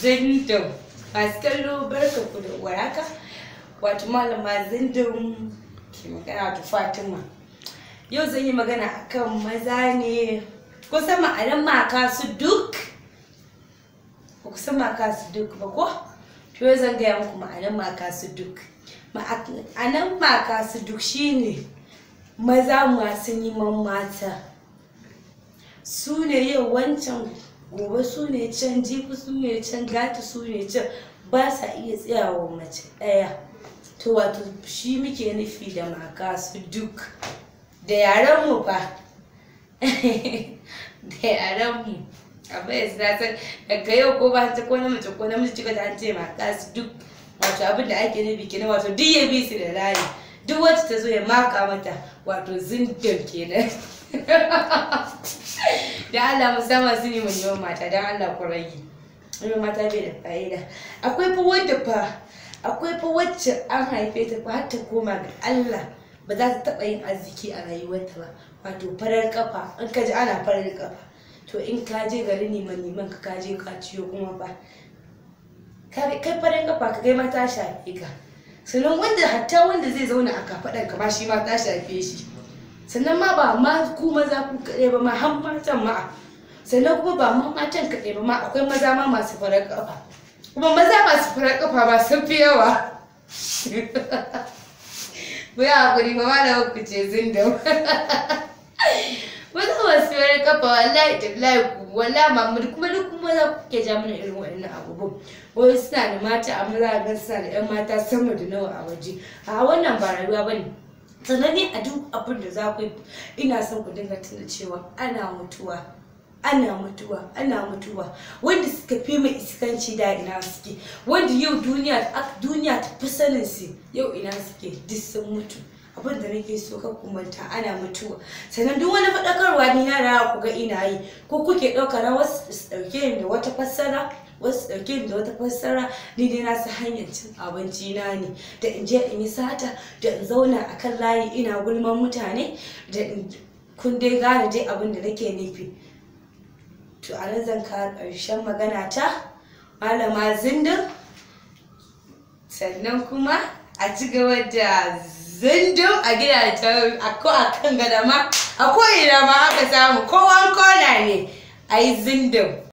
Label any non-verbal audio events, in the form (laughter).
zindin masu kallo barka ku da waraka wato malama zindin ke magana da fatima yau zan yi magana akan maza ne kusan ma'anar maka su duk ba kusa maka su duk ba ko to yau zan gaya muku ma'anar maka su duk ma'anar maka su duk shine maza masu neman mata su ne yau wancan gobe su ne can jifu su ne can gata su ne can ba sa iya tsayawa mace ɗaya to wato shi muke nufi da maka su duk da yaran mu fa (laughs) da yaran mu abu ya sa san daga yau ko ba ta ko mace ko namiji cika ta ce maka su duk wato abin da ake nufi kenan wato duk ya bi su da rari duk wacce ta zo ya maka mata wato zindan kenan (laughs) da Allah mu sama su ne mu neman mata dan Allah ku rage neman mata bai da fa'ida akwai fa wanda fa akwai fa wacce an haife ta fa har ta koma ga Allah ba za ta taɓa yin arziki a rayuwarta ba wato farar kafa in ka ji ana farar kafa to in ka je gari neman neman ka ka je ka ciyo kuma ba kai farar kafa ka kai ma shafe ka sannan wanda hatta wanda zai zauna a kafaɗar ka ma shi ma ta shafe shi sannan ma ba ma ku maza ku kaɗai ba ma har matan ma sannan kuma ba ma matan kaɗai ba ma akwai maza ma masu farar ƙafa kuma maza masu farar ƙafa ba sun fi yawa (laughs) ku yi haƙuri ba malama ku ce da (laughs) maza masu farar ƙafa wallahi tallahi ku walla mamuri kuma duk kuma za ku ke ja mana irin waɗannan abubuwan wai suna da mata a maza suna da 'yan mata sama da nawa a waje a wannan ba rayuwa ba ne sannan a duk abin da za ku ina son ku dinga tuna cewa ana mutuwa ana mutuwa ana mutuwa wanda suka fi mai iskanci da ina suke wanda yau duniya duniya ta fi sanin su yau ina suke duk sun mutu abin da nake so ka kumanta ana mutuwa sannan duk wani faɗakarwa ni na yara ku ga ina yi ko kuke ɗauka na wasu ɗauke da wata fassara wasu ɗauke da wata fassara ni dai na su hanyar cin abinci na ne da in je in yi sata da in zauna a kan layi ina gulman mutane da in kun dai gane dai abin da nake nufi to a nan zan kawo ƙarshen magana ta malama zindin sannan kuma a ci gaba da zindu a gidajen a kan gada ma a ko'ina ma haka samu kowan kona ne a yi zindu